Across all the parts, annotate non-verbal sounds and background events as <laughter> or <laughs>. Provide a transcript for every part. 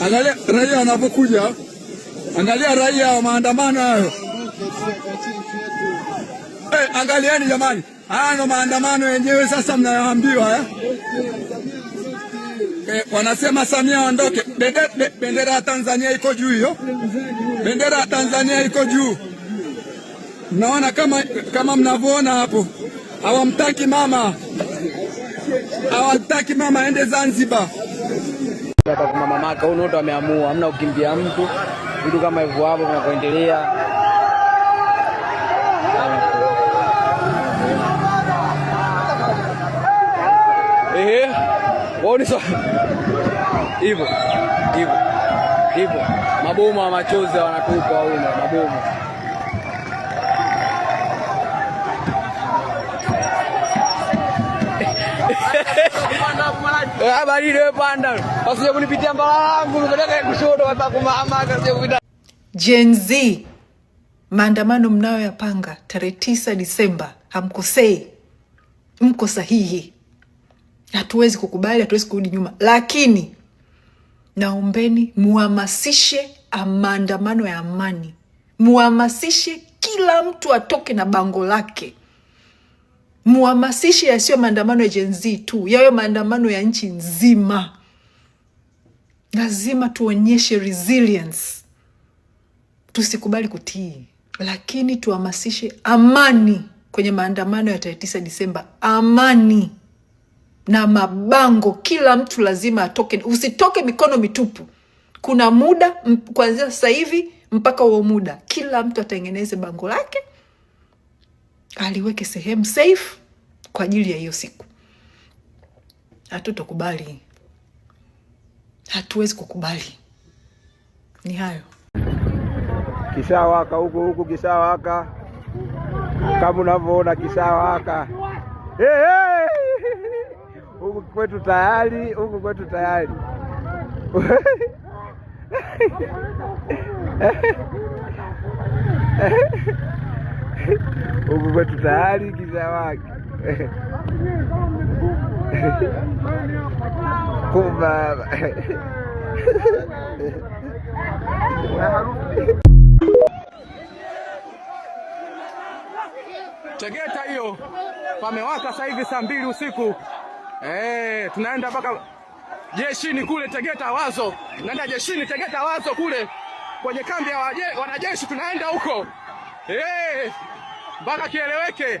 Angalia raia wanapokuja, angalia raia wa maandamano hayo. Hey, eh, angalieni jamani, haya ndo maandamano yenyewe sasa mnayoambiwa eh? eh wanasema Samia aondoke. Bendera ya Tanzania iko juu hiyo, bendera ya Tanzania iko juu. Mnaona kama, kama mnavyoona hapo, hawamtaki mama, hawamtaki mama aende Zanzibar makamaka huu noto ameamua, hamna ukimbia mtu, vitu kama hivyo hapo vinakuendelea. Ehe, waoni hivyo hivyo hivyo, mabomu ya machozi wanatupa, huko, mabomu Eh, habari maandamano panda, wasije kunipitia mbala yangu kushoto kupita. Gen Z, maandamano tarehe tisa Disemba, hamkosei, mko sahihi. Hatuwezi kukubali, hatuwezi kurudi nyuma, lakini naombeni muhamasishe maandamano ya amani, muhamasishe kila mtu atoke na bango lake muhamasishi yasiyo maandamano ya Gen Z tu, yayo maandamano ya nchi nzima. Lazima tuonyeshe resilience, tusikubali kutii, lakini tuhamasishe amani kwenye maandamano ya tarehe tisa Disemba, amani na mabango. Kila mtu lazima atoke, usitoke mikono mitupu. Kuna muda kuanzia sasa hivi mpaka huo muda, kila mtu atengeneze bango lake aliweke sehemu safe kwa ajili ya hiyo siku. Hatutokubali, hatuwezi kukubali. Ni hayo kishawaka huku huku, kishawaka kama unavyoona, kishawaka huku kwetu tayari, huku kwetu tayari <laughs> huku kwetu tayari giza wake kumba Tegeta hiyo pamewaka sasa hivi saa mbili usiku eh, tunaenda mpaka jeshini kule Tegeta wazo, tunaenda jeshini Tegeta wazo kule kwenye kambi ya wanajeshi, tunaenda huko eh mpaka kieleweke.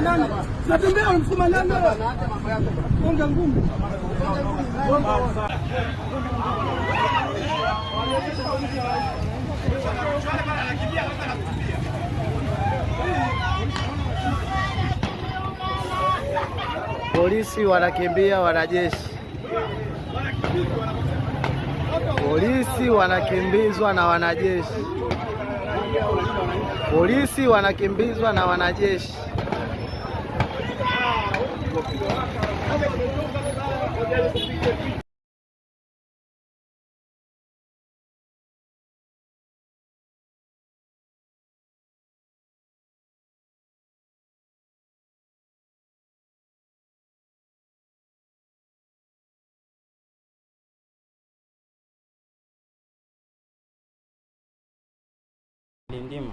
mfuma Natembea mfuma Onga ngumu. Polisi wanakimbia wanajeshi. Polisi wanakimbizwa na wanajeshi. Polisi wanakimbizwa na wanajeshi. 林地嘛。